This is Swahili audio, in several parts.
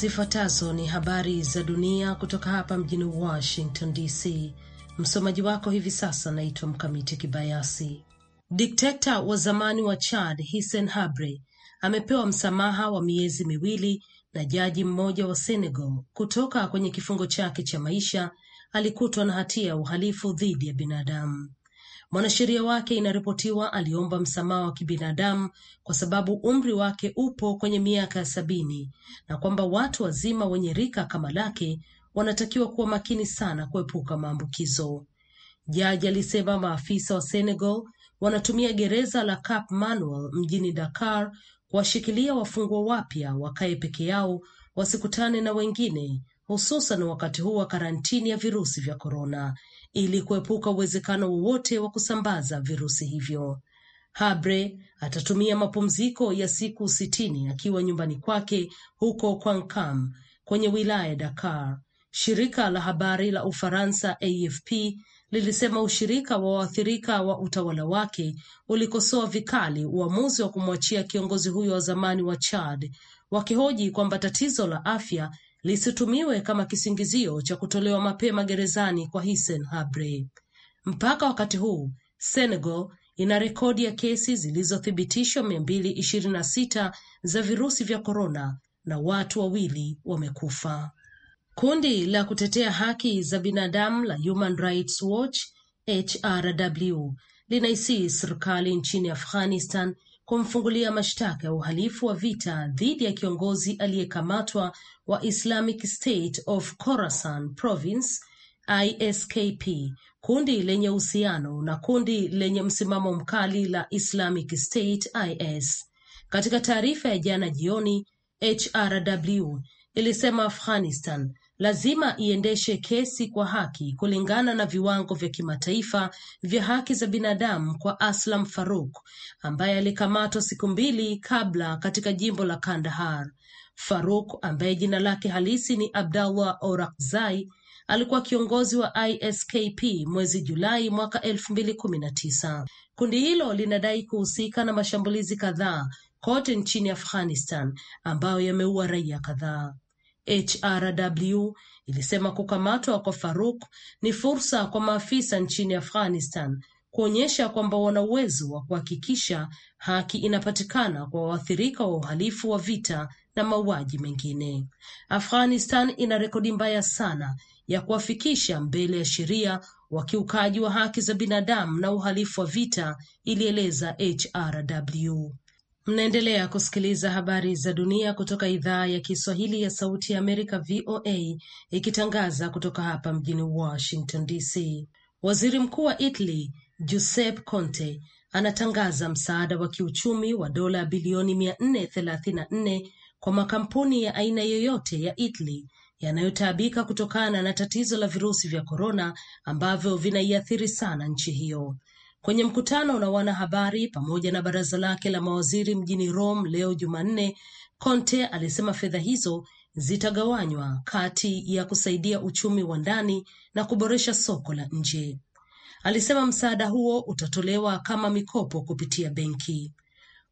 Zifuatazo ni habari za dunia kutoka hapa mjini Washington DC. Msomaji wako hivi sasa naitwa Mkamiti Kibayasi. Dikteta wa zamani wa Chad Hissen Habre amepewa msamaha wa miezi miwili na jaji mmoja wa Senegal kutoka kwenye kifungo chake cha maisha. Alikutwa na hatia ya uhalifu dhidi ya binadamu. Mwanasheria wake inaripotiwa aliomba msamaha wa kibinadamu kwa sababu umri wake upo kwenye miaka ya sabini na kwamba watu wazima wenye rika kama lake wanatakiwa kuwa makini sana kuepuka maambukizo. Jaji alisema maafisa wa Senegal wanatumia gereza la Cap Manuel mjini Dakar kuwashikilia wafungwa wapya wakae peke yao, wasikutane na wengine, hususan wakati huu wa karantini ya virusi vya korona ili kuepuka uwezekano wowote wa kusambaza virusi hivyo. Habre atatumia mapumziko ya siku sitini akiwa nyumbani kwake huko Kwankam kwenye wilaya ya Dakar. Shirika la habari la Ufaransa AFP lilisema ushirika wa waathirika wa utawala wake ulikosoa vikali uamuzi wa kumwachia kiongozi huyo wa zamani wa Chad, wakihoji kwamba tatizo la afya lisitumiwe kama kisingizio cha kutolewa mapema gerezani kwa Hissen Habre. Mpaka wakati huu Senegal ina rekodi ya kesi zilizothibitishwa mia mbili za virusi vya korona na watu wawili wamekufa. Kundi la kutetea haki za binadamu la Human Rights Watch HRW linaisii serikali nchini Afghanistan kumfungulia mashtaka ya uhalifu wa vita dhidi ya kiongozi aliyekamatwa wa Islamic State of Khorasan Province ISKP, kundi lenye uhusiano na kundi lenye msimamo mkali la Islamic State IS. Katika taarifa ya jana jioni, HRW ilisema Afghanistan lazima iendeshe kesi kwa haki kulingana na viwango vya kimataifa vya haki za binadamu kwa Aslam Faruk ambaye alikamatwa siku mbili kabla katika jimbo la Kandahar. Faruk ambaye jina lake halisi ni Abdallah Orakzai alikuwa kiongozi wa ISKP mwezi Julai mwaka elfu mbili Kundi hilo linadai kuhusika na mashambulizi kadhaa kote nchini Afghanistan ambayo yameua raia kadhaa. HRW ilisema kukamatwa kwa faruk ni fursa kwa maafisa nchini Afghanistan kuonyesha kwamba wana uwezo wa kuhakikisha haki inapatikana kwa waathirika wa uhalifu wa vita na mauaji mengine. Afghanistan ina rekodi mbaya sana ya kuwafikisha mbele ya sheria wakiukaji wa haki za binadamu na uhalifu wa vita, ilieleza HRW. Mnaendelea kusikiliza habari za dunia kutoka idhaa ya Kiswahili ya Sauti ya Amerika, VOA, ikitangaza kutoka hapa mjini Washington DC. Waziri Mkuu wa Italy Giuseppe Conte anatangaza msaada wa kiuchumi wa dola bilioni 434 kwa makampuni ya aina yoyote ya Italy yanayotaabika kutokana na tatizo la virusi vya korona ambavyo vinaiathiri sana nchi hiyo. Kwenye mkutano na wanahabari pamoja na baraza lake la mawaziri mjini Rome leo Jumanne, Conte alisema fedha hizo zitagawanywa kati ya kusaidia uchumi wa ndani na kuboresha soko la nje. Alisema msaada huo utatolewa kama mikopo kupitia benki.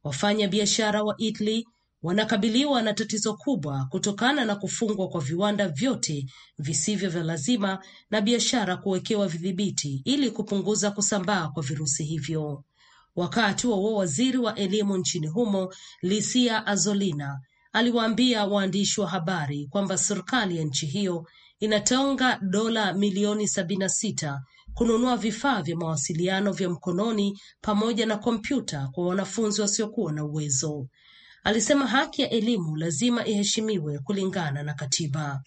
Wafanya biashara wa Italy wanakabiliwa na tatizo kubwa kutokana na kufungwa kwa viwanda vyote visivyo vya lazima na biashara kuwekewa vidhibiti ili kupunguza kusambaa kwa virusi hivyo. Wakati wauo waziri wa elimu nchini humo Lisia Azolina aliwaambia waandishi wa habari kwamba serikali ya nchi hiyo inatonga dola milioni 76 sita kununua vifaa vya mawasiliano vya mkononi pamoja na kompyuta kwa wanafunzi wasiokuwa na uwezo alisema haki ya elimu lazima iheshimiwe kulingana na katiba.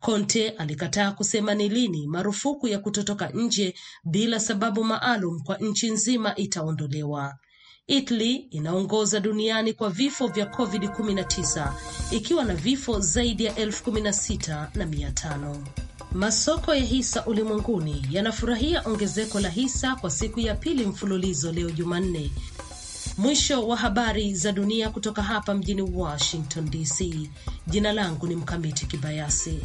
Conte alikataa kusema ni lini marufuku ya kutotoka nje bila sababu maalum kwa nchi nzima itaondolewa. Italy inaongoza duniani kwa vifo vya COVID-19 ikiwa na vifo zaidi ya elfu 16 na mia tano. Masoko ya hisa ulimwenguni yanafurahia ongezeko la hisa kwa siku ya pili mfululizo leo Jumanne, Mwisho wa habari za dunia kutoka hapa mjini Washington DC. Jina langu ni Mkamiti Kibayasi.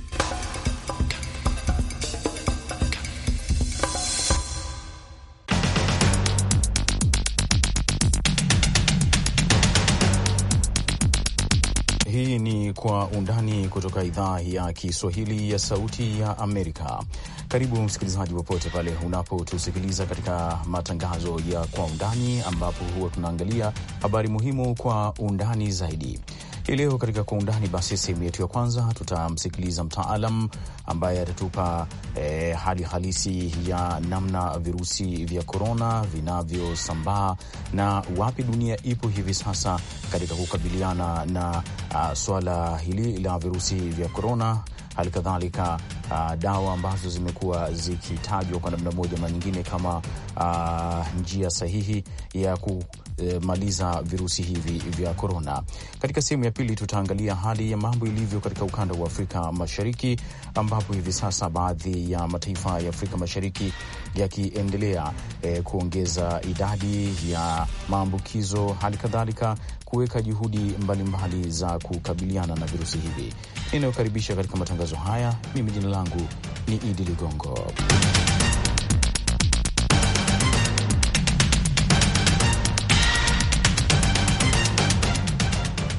Hii ni Kwa Undani kutoka idhaa ya Kiswahili ya Sauti ya Amerika. Karibu msikilizaji, popote pale unapotusikiliza katika matangazo ya Kwa Undani, ambapo huwa tunaangalia habari muhimu kwa undani zaidi. Hii leo katika kwa undani, basi sehemu yetu ya kwanza tutamsikiliza mtaalam ambaye atatupa eh, hali halisi ya namna virusi vya korona vinavyosambaa na wapi dunia ipo hivi sasa katika kukabiliana na uh, swala hili la virusi vya korona hali kadhalika uh, dawa ambazo zimekuwa zikitajwa kwa namna moja na nyingine kama uh, njia sahihi ya ku Eh, maliza virusi hivi vya korona. Katika sehemu ya pili tutaangalia hali ya mambo ilivyo katika ukanda wa Afrika Mashariki, ambapo hivi sasa baadhi ya mataifa ya Afrika Mashariki yakiendelea eh, kuongeza idadi ya maambukizo, hali kadhalika kuweka juhudi mbalimbali za kukabiliana na virusi hivi. Ninayokaribisha katika matangazo haya, mimi jina langu ni Idi Ligongo.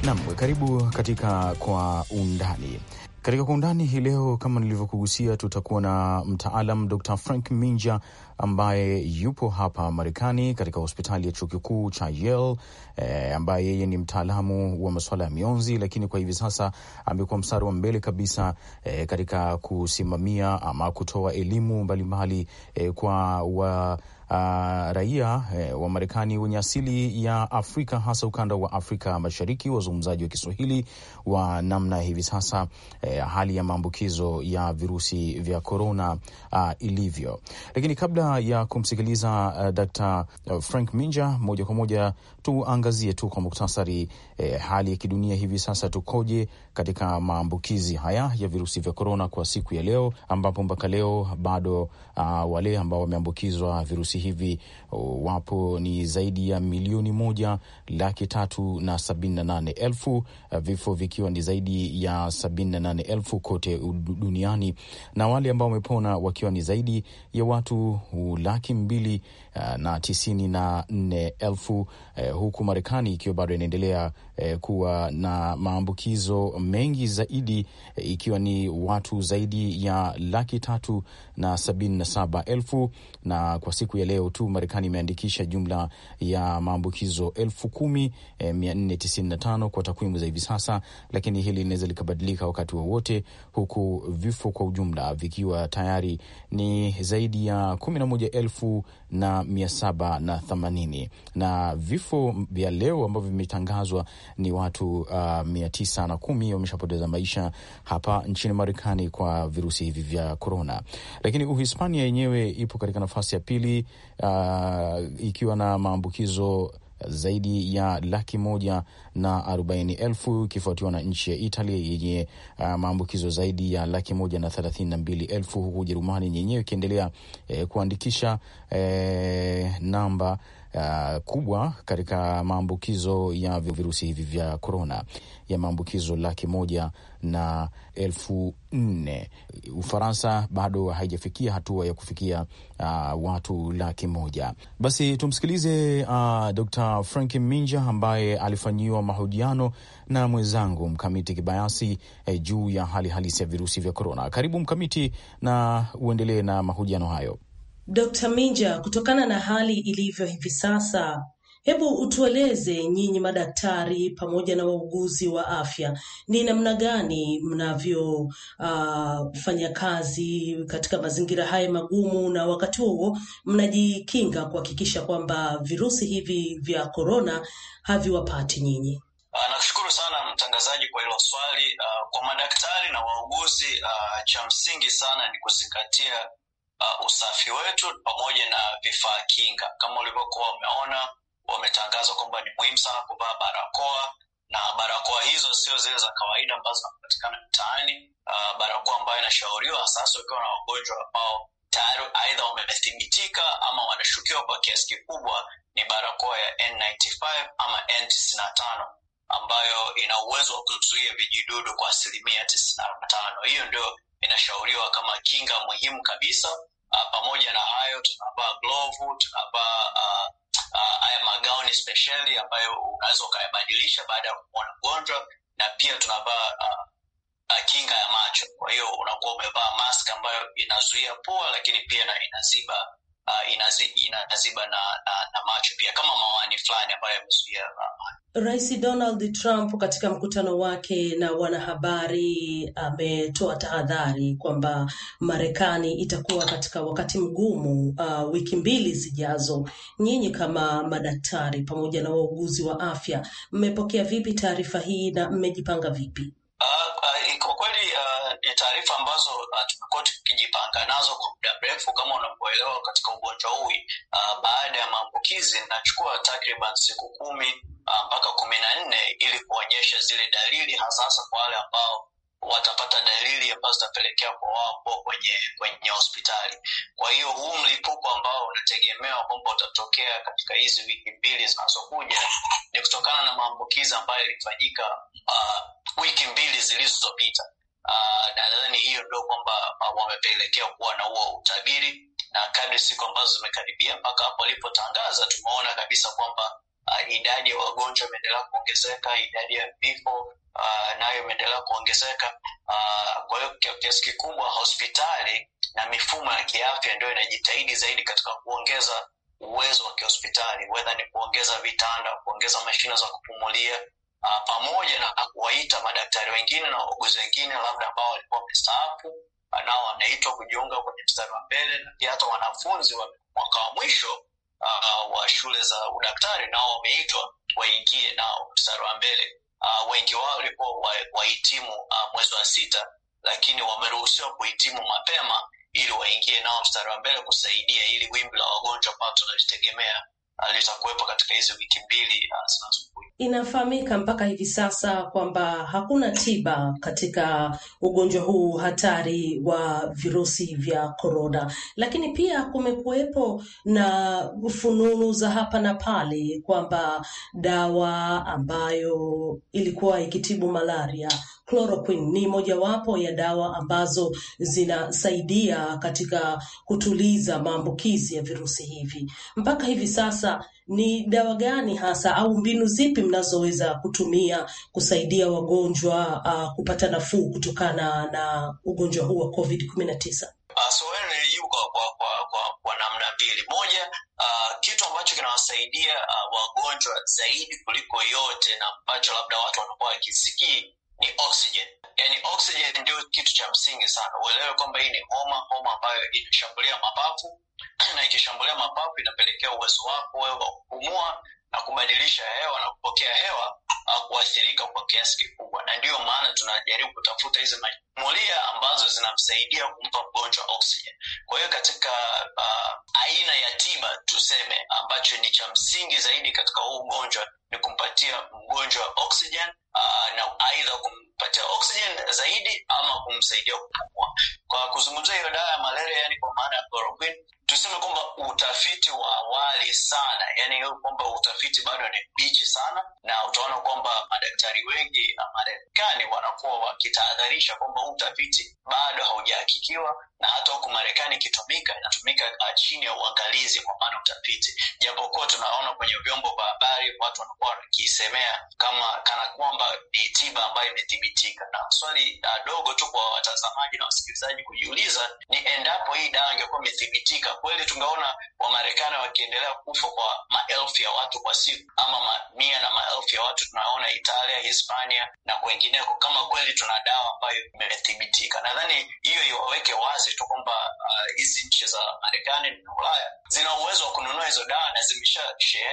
Nam, karibu katika Kwa Undani. Katika Kwa Undani hii leo, kama nilivyokugusia, tutakuwa na mtaalam Dr Frank Minja ambaye yupo hapa Marekani katika hospitali ya chuo kikuu cha Yale e, ambaye yeye ni mtaalamu wa masuala ya mionzi, lakini kwa hivi sasa amekuwa mstari wa mbele kabisa e, katika kusimamia ama kutoa elimu mbalimbali e, kwa wa uh, raia eh, wa Marekani wenye asili ya Afrika hasa ukanda wa Afrika Mashariki, wazungumzaji wa Kiswahili wa namna hivi sasa eh, hali ya maambukizo ya virusi vya korona uh, ah, ilivyo. Lakini kabla ya kumsikiliza uh, eh, Dr. Frank Minja moja kwa moja, tuangazie tu kwa muktasari eh, hali ya kidunia hivi sasa tukoje katika maambukizi haya ya virusi vya korona kwa siku ya leo, ambapo mpaka leo bado uh, wale ambao wameambukizwa virusi hivi uh, wapo ni zaidi ya milioni moja laki tatu na sabini na nane elfu uh, vifo vikiwa ni zaidi ya sabini na nane elfu kote duniani na wale ambao wamepona wakiwa ni zaidi ya watu uh, laki mbili Uh, na tisini na nne elfu eh, huku Marekani ikiwa bado inaendelea eh, kuwa na maambukizo mengi zaidi eh, ikiwa ni watu zaidi ya laki tatu na sabini na saba elfu na kwa siku ya leo tu Marekani imeandikisha jumla ya maambukizo elfu kumi eh, mia nne tisini na tano kwa takwimu za hivi sasa, lakini hili linaweza likabadilika wakati wowote, huku vifo kwa ujumla vikiwa tayari ni zaidi ya kumi na moja elfu na mia saba na themanini na vifo vya leo ambavyo vimetangazwa ni watu uh, mia tisa na kumi wameshapoteza maisha hapa nchini Marekani kwa virusi hivi vya korona. Lakini Uhispania yenyewe ipo katika nafasi ya pili uh, ikiwa na maambukizo zaidi ya laki moja na arobaini elfu ikifuatiwa na nchi ya Italia yenye uh, maambukizo zaidi ya laki moja na thelathini na mbili elfu huku Ujerumani yenyewe ikiendelea eh, kuandikisha eh, namba uh, kubwa katika maambukizo ya virusi hivi vya korona ya maambukizo laki moja na elfu nne. Ufaransa bado haijafikia hatua ya kufikia uh, watu laki moja. Basi tumsikilize uh, Dr. Frank Minja ambaye alifanyiwa mahojiano na mwenzangu Mkamiti Kibayasi eh, juu ya hali halisi ya virusi vya korona. Karibu Mkamiti, na uendelee na mahojiano hayo. Dr. Minja, kutokana na hali ilivyo hivi sasa, hebu utueleze nyinyi madaktari pamoja na wauguzi wa afya ni namna gani mnavyofanya ah, uh, kazi katika mazingira haya magumu, na wakati huo mnajikinga kuhakikisha kwamba virusi hivi vya korona haviwapati nyinyi? Ah, nashukuru sana mtangazaji kwa hilo swali. Uh, kwa madaktari na wauguzi uh, cha msingi sana ni kuzingatia uh, usafi wetu pamoja na vifaa kinga. Kama ulivyokuwa umeona, wametangaza kwamba ni muhimu sana kuvaa barakoa, na barakoa hizo sio zile za kawaida ambazo zinapatikana mtaani. Uh, barakoa ambayo inashauriwa sasa ukiwa na wagonjwa ambao tayari aidha wamethibitika ama wanashukiwa kwa kiasi kikubwa, ni barakoa ya N95 ama N95 ambayo ina uwezo wa kuzuia vijidudu kwa asilimia tisini na tano. Hiyo ndio inashauriwa kama kinga muhimu kabisa. Uh, pamoja na hayo tunavaa glovu, tunavaa uh, uh, haya magauni spesheli ambayo unaweza ukayabadilisha baada ya kumwona mgonjwa, na pia tunavaa uh, uh, kinga ya macho. Kwa hiyo unakuwa umevaa mask ambayo inazuia pua, lakini pia na inaziba uh, inazi, inaziba na, na, na macho pia kama mawani fulani ambayo yamezuia uh, Rais Donald Trump katika mkutano wake na wanahabari ametoa tahadhari kwamba Marekani itakuwa katika wakati mgumu uh, wiki mbili zijazo. Nyinyi kama madaktari pamoja na wauguzi wa afya mmepokea vipi taarifa hii na mmejipanga vipi? Uh, taarifa ambazo uh, tumekuwa tukijipanga nazo kwa muda mrefu, kama unavyoelewa katika ugonjwa huu uh, baada ya maambukizi inachukua takriban siku kumi uh, mpaka uh, kumi na nne ili kuonyesha zile dalili, hasahasa kwa wale ambao watapata dalili ambazo zitapelekea kwa wao kuwa kwenye kwenye hospitali. Kwa hiyo huu mlipuko ambao unategemewa kwamba utatokea katika hizi wiki mbili zinazokuja ni kutokana na maambukizi ambayo ilifanyika uh, wiki mbili zilizopita. Ah, nadhani hiyo ndio kwamba ah, wamepelekea kuwa na huo utabiri, na kadri siku ambazo zimekaribia mpaka hapo walipotangaza, tumeona kabisa kwamba uh, idadi ya wagonjwa imeendelea kuongezeka, idadi ya vifo uh, nayo imeendelea kuongezeka. Uh, kwa hiyo kiasi kikubwa hospitali na mifumo ya kiafya ndio inajitahidi zaidi katika kuongeza uwezo wa kihospitali, wedha ni kuongeza vitanda, kuongeza mashine za kupumulia Ah, pamoja na kuwaita madaktari wengine na wauguzi wengine labda ambao walikuwa wamestaafu, nao wanaitwa kujiunga kwenye mstari wa mbele, na pia hata wanafunzi wa mwaka wa mwisho uh, wa shule za udaktari nao wameitwa waingie nao mstari wa mbele. Uh, wengi wao walikuwa wahitimu uh, mwezi wa sita, lakini wameruhusiwa kuhitimu mapema ili waingie nao mstari wa mbele kusaidia ili wimbi la wagonjwa ambao tunalitegemea litakuwepo katika hizo wiki mbili ah, zinazokuja. Inafahamika mpaka hivi sasa kwamba hakuna tiba katika ugonjwa huu hatari wa virusi vya korona, lakini pia kumekuwepo na fununu za hapa na pale kwamba dawa ambayo ilikuwa ikitibu malaria Chloroquine ni mojawapo ya dawa ambazo zinasaidia katika kutuliza maambukizi ya virusi hivi. Mpaka hivi sasa ni dawa gani hasa au mbinu zipi mnazoweza kutumia kusaidia wagonjwa uh, kupata nafuu kutokana na ugonjwa huu wa COVID 19 Uh, kwa, kwa, kwa, kwa, namna mbili. Moja, uh, kitu ambacho kinawasaidia uh, wagonjwa zaidi kuliko yote na ambacho labda watu wanakuwa wakisikii ni oxygen. Yani oxygen ndio kitu cha msingi sana. Uelewe kwamba hii ni homa, homa ambayo inashambulia mapafu na ikishambulia mapafu inapelekea uwezo wako wewe wa kupumua na kubadilisha hewa na kupokea hewa ah, kuathirika kwa kiasi kikubwa, na ndiyo maana tunajaribu kutafuta hizi mamulia ambazo zinamsaidia kumpa mgonjwa oxygen. Kwa hiyo katika uh, aina ya tiba tuseme, ambacho ni cha msingi zaidi katika huu ugonjwa ni kumpatia mgonjwa oxygen Uh, na aidha kumpatia oxygen zaidi ama kumsaidia kupumua. Kwa kuzungumzia hiyo dawa ya malaria, yani kwa maana ya chloroquine, tuseme kwamba utafiti wa awali sana, yani kwamba utafiti bado ni mbichi sana, na utaona kwamba madaktari wengi na Marekani wanakuwa wakitahadharisha kwamba huu utafiti bado haujahakikiwa, na hata huku Marekani ikitumika inatumika uh, chini ya uangalizi, kwa maana utafiti, japokuwa tunaona kwenye vyombo vya habari watu wanakuwa wakiisemea kama kana kwamba ni tiba ambayo imethibitika, na swali ah, dogo tu kwa watazamaji na wasikilizaji kujiuliza ni endapo hii dawa ingekuwa imethibitika kweli, tungeona Wamarekani wakiendelea kufa kwa maelfu ya watu kwa siku, ama mamia na maelfu ya watu tunaona Italia, Hispania na kwengineko, kama kweli tuna dawa ambayo imethibitika. Nadhani hiyo iwaweke wazi tu kwamba ah, hizi uh, nchi za Marekani na Ulaya zina uwezo wa kununua hizo dawa na zimesha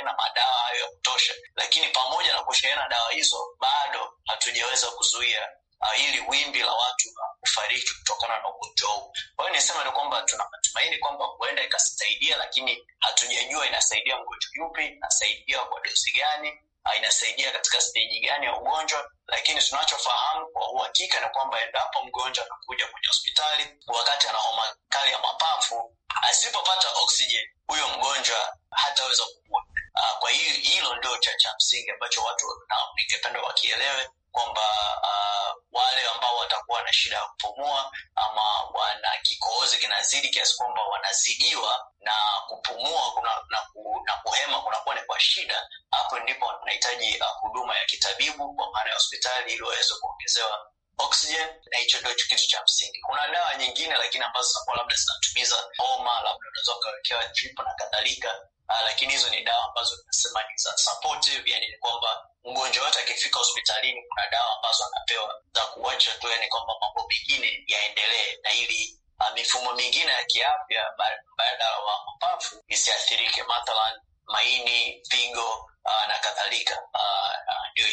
madawa hayo ya kutosha, lakini pamoja na kushehena dawa hizo baada bado hatujaweza kuzuia ah, ili wimbi la watu kufariki kutokana na ugonjwa huu. Kwa hiyo nisema ni kwamba tuna matumaini kwamba huenda ikasaidia, lakini hatujajua inasaidia mgonjwa yupi, inasaidia kwa dosi gani, ah, inasaidia katika steji gani ya ugonjwa. Lakini tunachofahamu kwa uhakika ni kwamba endapo mgonjwa anakuja kwenye hospitali wakati ana homa kali ya mapafu, asipopata oksijeni, huyo mgonjwa hataweza kupona. Uh, kwa hiyo hilo ndio cha cha msingi ambacho watu ningependa wakielewe kwamba uh, wale ambao watakuwa na shida ya kupumua ama wana kikohozi kinazidi kiasi kwamba wanazidiwa na kupumua kuna, na, ku, na kuhema kunakuwa ni kwa shida, hapo ndipo wanahitaji ah, huduma uh, ya kitabibu kwa maana ya hospitali ili waweze kuongezewa oxygen na hicho ndio kitu cha msingi. Kuna dawa nyingine lakini ambazo zinakuwa labda zinatumiza homa, labda unaweza ukawekewa drip na kadhalika, Uh, lakini hizo ni dawa ambazo nasema ni za supportive, yani ni kwamba mgonjwa wote akifika hospitalini kuna dawa ambazo anapewa za kuacha tu, yani kwamba mambo mengine yaendelee, na ili uh, mifumo mingine ya kiafya baada ya mapafu isiathirike, mathalan maini, figo Ah, na kadhalika ah, ah, ndio uh,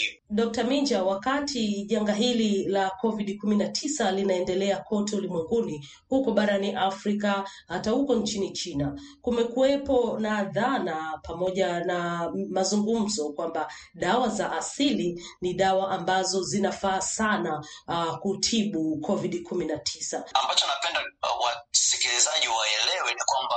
hivyo. Minja, wakati janga hili la COVID kumi na tisa linaendelea kote ulimwenguni, huko barani Afrika, hata huko nchini China, kumekuwepo na dhana pamoja na mazungumzo kwamba dawa za asili ni dawa ambazo zinafaa sana uh, kutibu COVID kumi na tisa. Ambacho napenda uh, wasikilizaji waelewe ni kwamba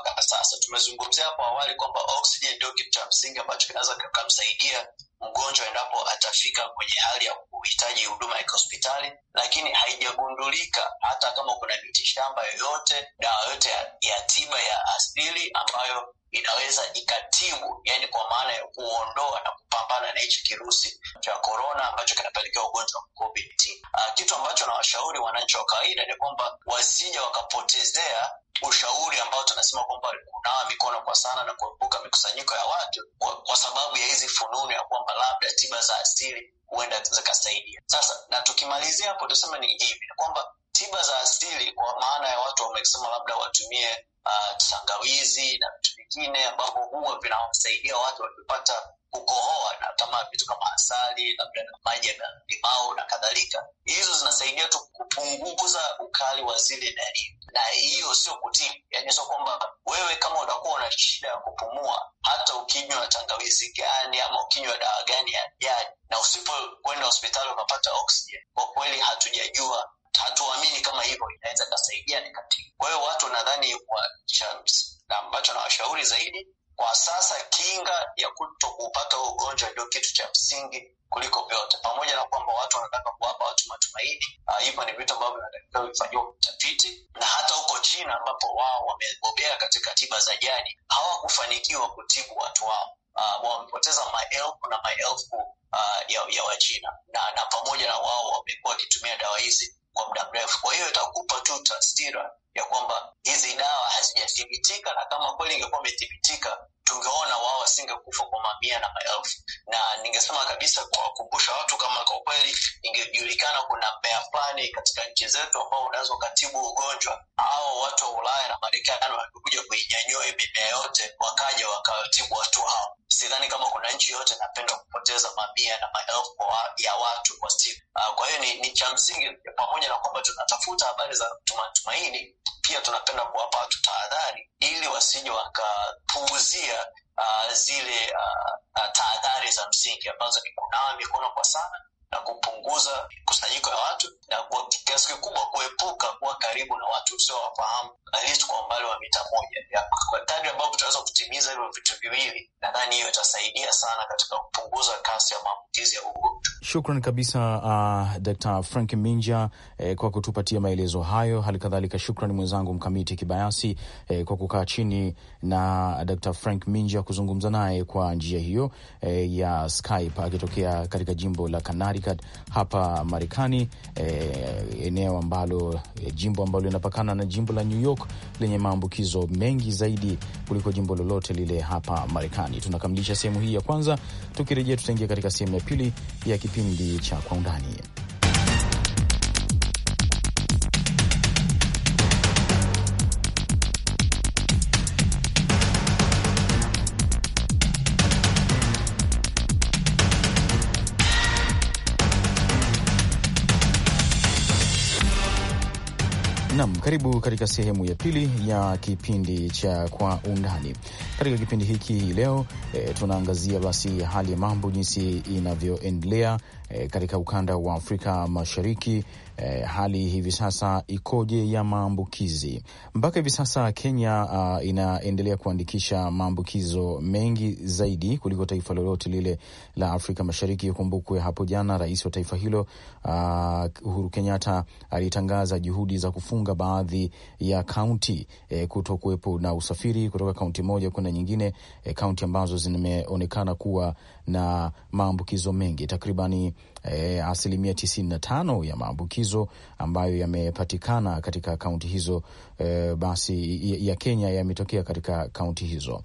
mpaka sasa. Tumezungumzia hapo awali kwamba oxygen ndio kitu cha msingi ambacho kinaweza kikamsaidia mgonjwa endapo atafika kwenye hali ya kuhitaji huduma ya kihospitali, lakini haijagundulika hata kama kuna mitishamba yoyote, dawa yoyote ya tiba ya asili ambayo inaweza ikatibu, yani kwa maana ya kuondoa na kupambana na hichi kirusi cha korona ambacho kinapelekea ugonjwa wa COVID. Uh, ah, kitu ambacho nawashauri wananchi wa kawaida ni kwamba wasija wakapotezea ushauri ambao tunasema kwamba kunawa mikono kwa sana na kuepuka mikusanyiko ya watu kwa, kwa sababu ya hizi fununu ya kwamba labda tiba za asili huenda zikasaidia. Sasa na tukimalizia hapo tuseme ni hivi, ni kwamba tiba za asili kwa maana ya watu wamesema labda watumie uh, tangawizi na vitu vingine ambavyo huwa vinawasaidia watu wakipata kukohoa na kama vitu kama asali labda na maji ya limau na kadhalika. Hizo zinasaidia tu kupunguza ukali wa zile nani, na hiyo sio kutibu. Yani sio kwamba wewe kama utakuwa una shida ya kupumua, hata ukinywa tangawizi gani ama ukinywa dawa gani ya jadi na usipokwenda hospitali ukapata oksijeni, kwa kweli hatujajua hatuamini kama hivyo inaweza kasaidia ni katiba. Kwa hiyo watu nadhani na ambacho nawashauri zaidi kwa sasa, kinga ya kuto kupata ugonjwa ndio kitu cha msingi kuliko vyote, pamoja na kwamba watu wanataka kuwapa watu matumaini. Ah, hivyo ni vitu ambavyo vinatakiwa vifanyiwa utafiti, na hata huko China ambapo wao wamebobea katika tiba za jadi hawakufanikiwa kutibu watu wao. Uh, wamepoteza maelfu na maelfu uh, ya, ya Wachina na, na pamoja na wao wamekuwa wakitumia dawa hizi kwa muda mrefu. Kwa hiyo itakupa tu taswira ya kwamba hizi dawa hazijathibitika, na kama kweli ingekuwa imethibitika, tungeona wao wasingekufa kwa mamia na maelfu na ningesema kabisa kuwakumbusha watu kama kwa kweli ingejulikana kuna mbea fulani katika nchi zetu ambao unaweza ukatibu ugonjwa au watu wa Ulaya na Marekani wamekuja kuinyanyua mimea yote wakaja wakatibu watu hao. Sidhani kama kuna nchi yote inapenda kupoteza mamia na maelfu ya watu kwa siku. Ah, kwa hiyo ni, ni cha msingi, pamoja na kwamba tunatafuta habari za matumaini, pia tunapenda kuwapa watu tahadhari ili wasije wakapuuzia uh, zile uh, uh, tahadhari za msingi ambazo ni kunawa mikono kwa sana na kupunguza kusanyiko ya watu na kwa kiasi kikubwa kuepuka kuwa karibu na watu usiowafahamu aliyetu kwa umbali wa mita moja. Kwa kadri ambavyo tunaweza kutimiza hivyo vitu viwili, nadhani hiyo itasaidia sana katika kupunguza kasi ya maambukizi ya ugonjwa. Shukran kabisa, uh, Dr. Frank Minja eh, kwa kutupatia maelezo hayo. Hali kadhalika shukran mwenzangu Mkamiti Kibayasi eh, kwa kukaa chini na Dr. Frank Minja kuzungumza naye kwa njia hiyo e, ya Skype akitokea katika jimbo la Connecticut hapa Marekani, e, eneo ambalo e, jimbo ambalo linapakana na jimbo la New York lenye maambukizo mengi zaidi kuliko jimbo lolote lile hapa Marekani. Tunakamilisha sehemu hii ya kwanza, tukirejea tutaingia katika sehemu ya pili ya kipindi cha kwa undani. Nam, karibu katika sehemu ya pili ya kipindi cha Kwa Undani. Katika kipindi hiki hii leo e, tunaangazia basi hali ya mambo jinsi inavyoendelea e, katika ukanda wa Afrika Mashariki eh, hali hivi sasa ikoje ya maambukizi mpaka hivi sasa? Kenya uh, inaendelea kuandikisha maambukizo mengi zaidi kuliko taifa lolote lile la Afrika Mashariki. Ikumbukwe hapo jana rais wa taifa hilo uh, Uhuru Kenyatta alitangaza juhudi za kufunga baadhi ya kaunti eh, kuto kuwepo na usafiri kutoka kaunti moja kwenda nyingine, eh, kaunti eh, ambazo zimeonekana kuwa na maambukizo mengi takribani e, asilimia tisini na tano ya maambukizo ambayo yamepatikana katika kaunti hizo e, basi ya Kenya yametokea katika kaunti hizo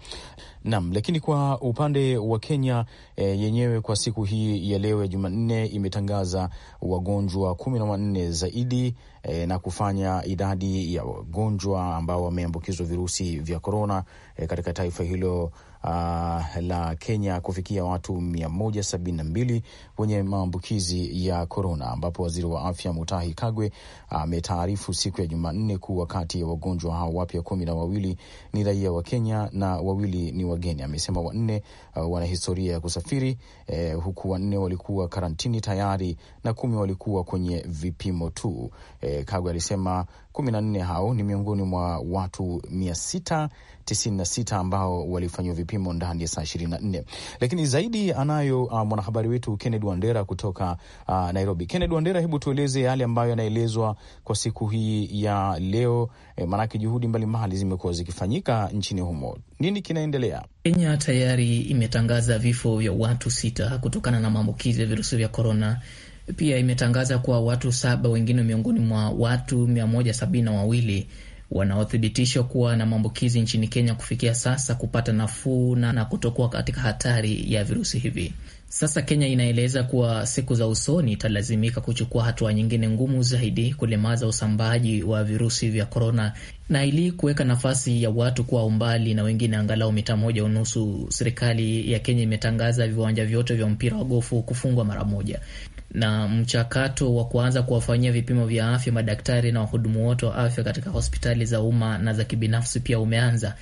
nam. Lakini kwa upande wa Kenya e, yenyewe kwa siku hii ya leo ya Jumanne imetangaza wagonjwa kumi na wanne zaidi e, na kufanya idadi ya wagonjwa ambao wameambukizwa virusi vya korona e, katika taifa hilo uh, la Kenya kufikia watu 172 wenye maambukizi ya korona, ambapo waziri wa afya Mutahi Kagwe ametaarifu uh, siku ya Jumanne kuwa kati ya wagonjwa hao wapya kumi na wawili ni raia wa Kenya na wawili ni wageni. Amesema wanne uh, wana historia ya kusafiri eh, huku wanne walikuwa karantini tayari na kumi walikuwa kwenye vipimo tu. Eh, Kagwe alisema kumi na nne hao ni miongoni mwa watu mia sita tisini na sita ambao walifanyiwa vipimo ndani ya saa ishirini na nne lakini zaidi anayo uh, mwanahabari wetu Kennedy Wandera kutoka uh, Nairobi. Kennedy Wandera, hebu tueleze yale ambayo yanaelezwa kwa siku hii ya leo eh, maanake juhudi mbalimbali zimekuwa zikifanyika nchini humo. Nini kinaendelea? Kenya tayari imetangaza vifo vya watu sita kutokana na maambukizi ya virusi vya korona pia imetangaza kuwa watu saba wengine miongoni mwa watu mia moja sabini na wawili wanaothibitishwa kuwa na maambukizi nchini Kenya kufikia sasa kupata nafuu na, na kutokuwa katika hatari ya virusi hivi. Sasa Kenya inaeleza kuwa siku za usoni italazimika kuchukua hatua nyingine ngumu zaidi kulemaza usambaaji wa virusi vya korona, na ili kuweka nafasi ya watu kuwa umbali na wengine angalau mita moja unusu, serikali ya Kenya imetangaza viwanja vyote vya mpira wa gofu kufungwa mara moja na mchakato wa kuanza kuwafanyia vipimo vya afya madaktari na wahudumu wote wa afya katika hospitali za umma na za kibinafsi pia umeanza.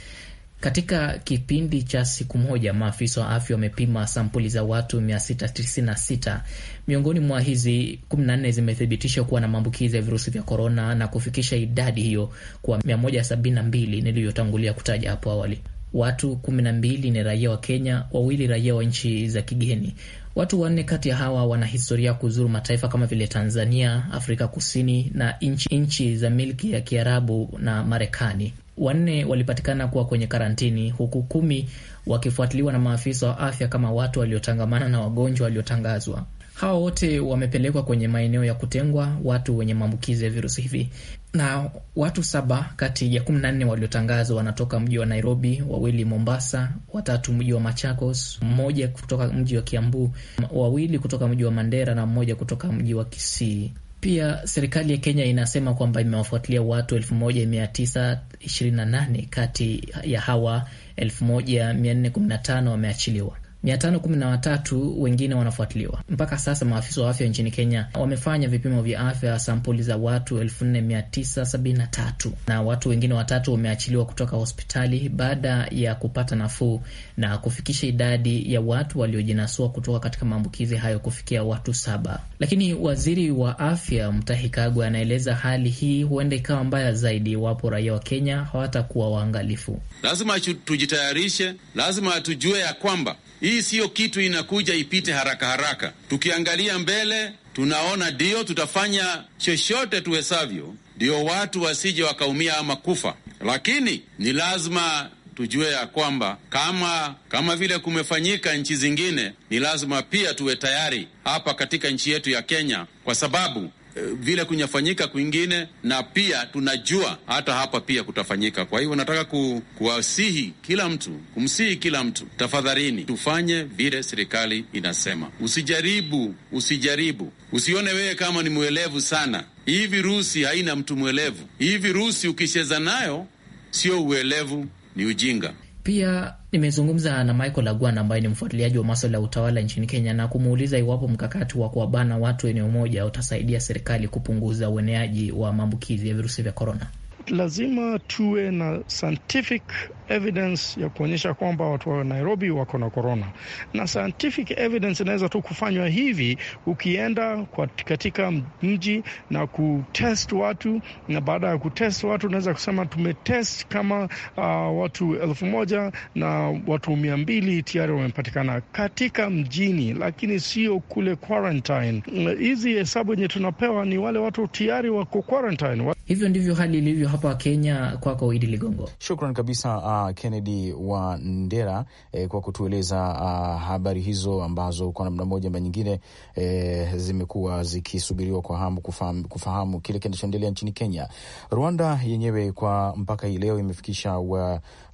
Katika kipindi cha siku moja, maafisa wa afya wamepima sampuli za watu 696. Miongoni mwa hizi 14 zimethibitishwa kuwa na maambukizi ya virusi vya korona na kufikisha idadi hiyo kwa 172 niliyotangulia kutaja hapo awali. Watu 12 ni raia wa Kenya, wawili raia wa nchi za kigeni. Watu wanne kati ya hawa wana historia kuzuru mataifa kama vile Tanzania, Afrika Kusini na nchi nchi za milki ya Kiarabu na Marekani. Wanne walipatikana kuwa kwenye karantini, huku kumi wakifuatiliwa na maafisa wa afya kama watu waliotangamana na wagonjwa waliotangazwa. Hawa wote wamepelekwa kwenye maeneo ya kutengwa watu wenye maambukizi ya virusi hivi na watu saba kati ya kumi na nne waliotangazwa wanatoka mji wa Nairobi, wawili Mombasa, watatu mji wa Machakos, mmoja kutoka mji wa Kiambu, wawili kutoka mji wa Mandera na mmoja kutoka mji wa Kisii. Pia serikali ya Kenya inasema kwamba imewafuatilia watu 1928 kati ya hawa 1415 wameachiliwa. 513 wengine wanafuatiliwa mpaka sasa. Maafisa wa afya nchini Kenya wamefanya vipimo vya afya sampuli za watu 4973 na watu wengine watatu wameachiliwa kutoka hospitali baada ya kupata nafuu na kufikisha idadi ya watu waliojinasua kutoka katika maambukizi hayo kufikia watu saba. Lakini waziri wa afya Mutahi Kagwe anaeleza hali hii huenda ikawa mbaya zaidi iwapo raia wa Kenya hawatakuwa waangalifu. Lazima tujitayarishe, lazima tujue ya kwamba hii siyo kitu inakuja ipite haraka haraka. Tukiangalia mbele, tunaona ndio tutafanya chochote tuwezavyo, ndio watu wasije wakaumia ama kufa, lakini ni lazima tujue ya kwamba kama kama vile kumefanyika nchi zingine, ni lazima pia tuwe tayari hapa katika nchi yetu ya Kenya, kwa sababu vile kunyafanyika kwingine, na pia tunajua hata hapa pia kutafanyika. Kwa hivyo nataka ku, kuwasihi kila mtu, kumsihi kila mtu, tafadhalini tufanye vile serikali inasema. Usijaribu, usijaribu, usione wewe kama ni mwelevu sana. Hii virusi haina mtu mwelevu. Hii virusi ukicheza nayo sio uelevu, ni ujinga. Pia nimezungumza na Michael Agwana ambaye ni mfuatiliaji wa maswala ya utawala nchini Kenya na kumuuliza iwapo mkakati wa kuwabana watu eneo moja utasaidia serikali kupunguza ueneaji wa maambukizi ya virusi vya korona lazima tuwe na scientific evidence ya kuonyesha kwamba watu wa Nairobi wako na korona, na scientific evidence inaweza tu kufanywa hivi, ukienda kwa katika mji na kutest watu, na baada ya kutest watu unaweza kusema tumetest kama uh, watu elfu moja na watu mia mbili tayari wamepatikana katika mjini, lakini sio kule quarantine. Hizi hesabu yenye tunapewa ni wale watu tayari wako quarantine. Hivyo ndivyo hali ilivyo hapa Kenya, kwako kwa Idi Ligongo. Shukran kabisa uh, Kennedy wa Ndera eh, kwa kutueleza uh, habari hizo ambazo kwa namna moja ama nyingine eh, zimekuwa zikisubiriwa kwa hamu kufahamu, kufahamu kile kinachoendelea nchini Kenya. Rwanda yenyewe kwa mpaka hii leo imefikisha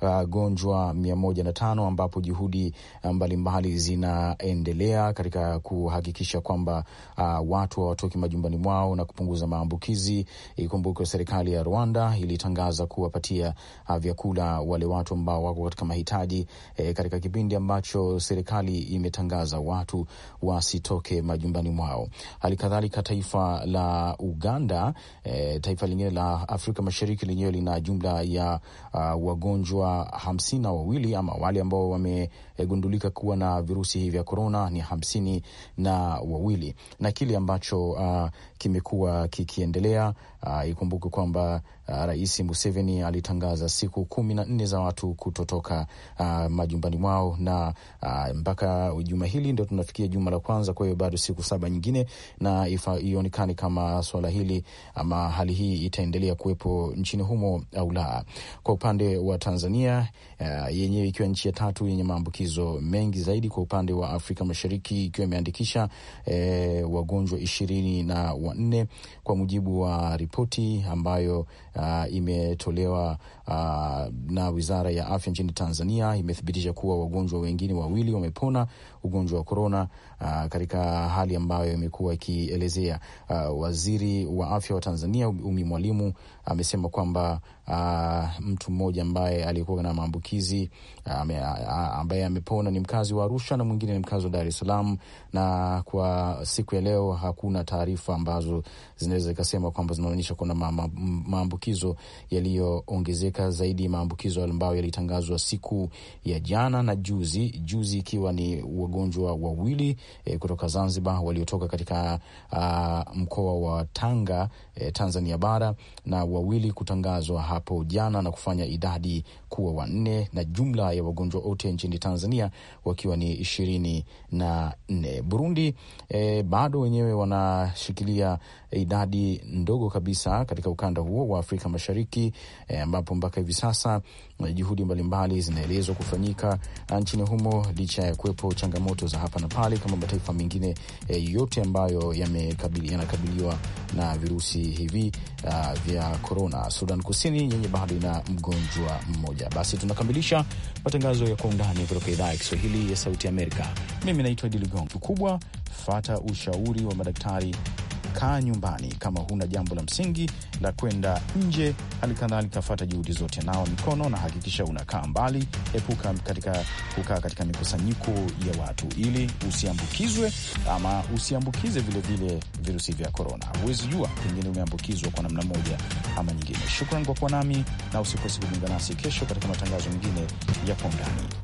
wagonjwa uh, mia moja na tano ambapo juhudi uh, mbalimbali zinaendelea katika kuhakikisha kwamba uh, watu hawatoki majumbani mwao na kupunguza maambukizi. Ikumbuke serikali ya Rwanda ilitangaza kuwapatia uh, vyakula wale watu ambao wako katika mahitaji e, katika kipindi ambacho serikali imetangaza watu wasitoke majumbani mwao. Hali kadhalika taifa la Uganda, e, taifa lingine la Afrika Mashariki lenyewe lina jumla ya uh, wagonjwa hamsini na wawili ama wale ambao wame wamegundulika eh, kuwa na virusi vya korona ni hamsini na wawili na kile ambacho uh, kimekuwa kikiendelea uh, ikumbuke kwamba uh, Rais Museveni alitangaza siku kumi na nne za watu kutotoka uh, majumbani mwao na uh, mpaka juma hili ndio tunafikia juma la kwanza. Kwa hiyo bado siku saba nyingine, na ionekane kama swala hili ama hali hii itaendelea kuwepo nchini humo au la. Kwa upande wa Tanzania uh, yenyewe ikiwa nchi ya tatu yenye maambukizi maambukizo mengi zaidi kwa upande wa Afrika Mashariki ikiwa imeandikisha e, wagonjwa ishirini na wanne kwa mujibu wa ripoti ambayo a, ah, imetolewa a, ah, na Wizara ya Afya nchini Tanzania. Imethibitisha kuwa wagonjwa wengine wawili wamepona ugonjwa wa korona, uh, katika hali ambayo imekuwa ikielezea. Uh, waziri wa afya wa Tanzania Umi Mwalimu amesema uh, kwamba uh, mtu mmoja ambaye alikuwa na maambukizi uh, uh, ambaye amepona ni mkazi wa Arusha na mwingine ni mkazi wa Dar es Salaam, na kwa siku ya leo hakuna taarifa ambazo zinaweza zikasema kwamba zinaonyesha kuna ma ma maambukizo yaliyoongezeka zaidi maambukizo ambayo yalitangazwa siku ya jana na juzi, juzi ikiwa ni wagonjwa wawili e, kutoka Zanzibar waliotoka katika uh, mkoa wa Tanga e, Tanzania bara na wawili kutangazwa hapo jana na kufanya idadi kuwa wanne na jumla ya wagonjwa wote nchini Tanzania wakiwa ni ishirini na nne. Burundi e, bado wenyewe wanashikilia idadi ndogo kabisa katika ukanda huo wa Afrika Mashariki e, ambapo mpaka hivi sasa na juhudi mbalimbali zinaelezwa kufanyika uh, nchini humo licha ya kuwepo changamoto za hapa na pale kama mataifa mengine e, yote ambayo yanakabiliwa na virusi hivi uh, vya korona. Sudan Kusini yenye bado ina mgonjwa mmoja. Basi tunakamilisha matangazo ya kwa undani kutoka idhaa ya Kiswahili ya Sauti Amerika. Mimi naitwa Idi Ligongo. Kubwa fata ushauri wa madaktari kaa nyumbani kama huna jambo la msingi la kwenda nje. Halikadhalika, fata juhudi zote, nawa mikono na hakikisha unakaa mbali. Epuka katika kukaa katika mikusanyiko ya watu ili usiambukizwe ama usiambukize vilevile virusi vya korona. Huwezi jua, pengine umeambukizwa kwa namna moja ama nyingine. Shukran kwa kuwa nami na usikose kujiunga nasi kesho katika matangazo mengine ya Kwa Undani.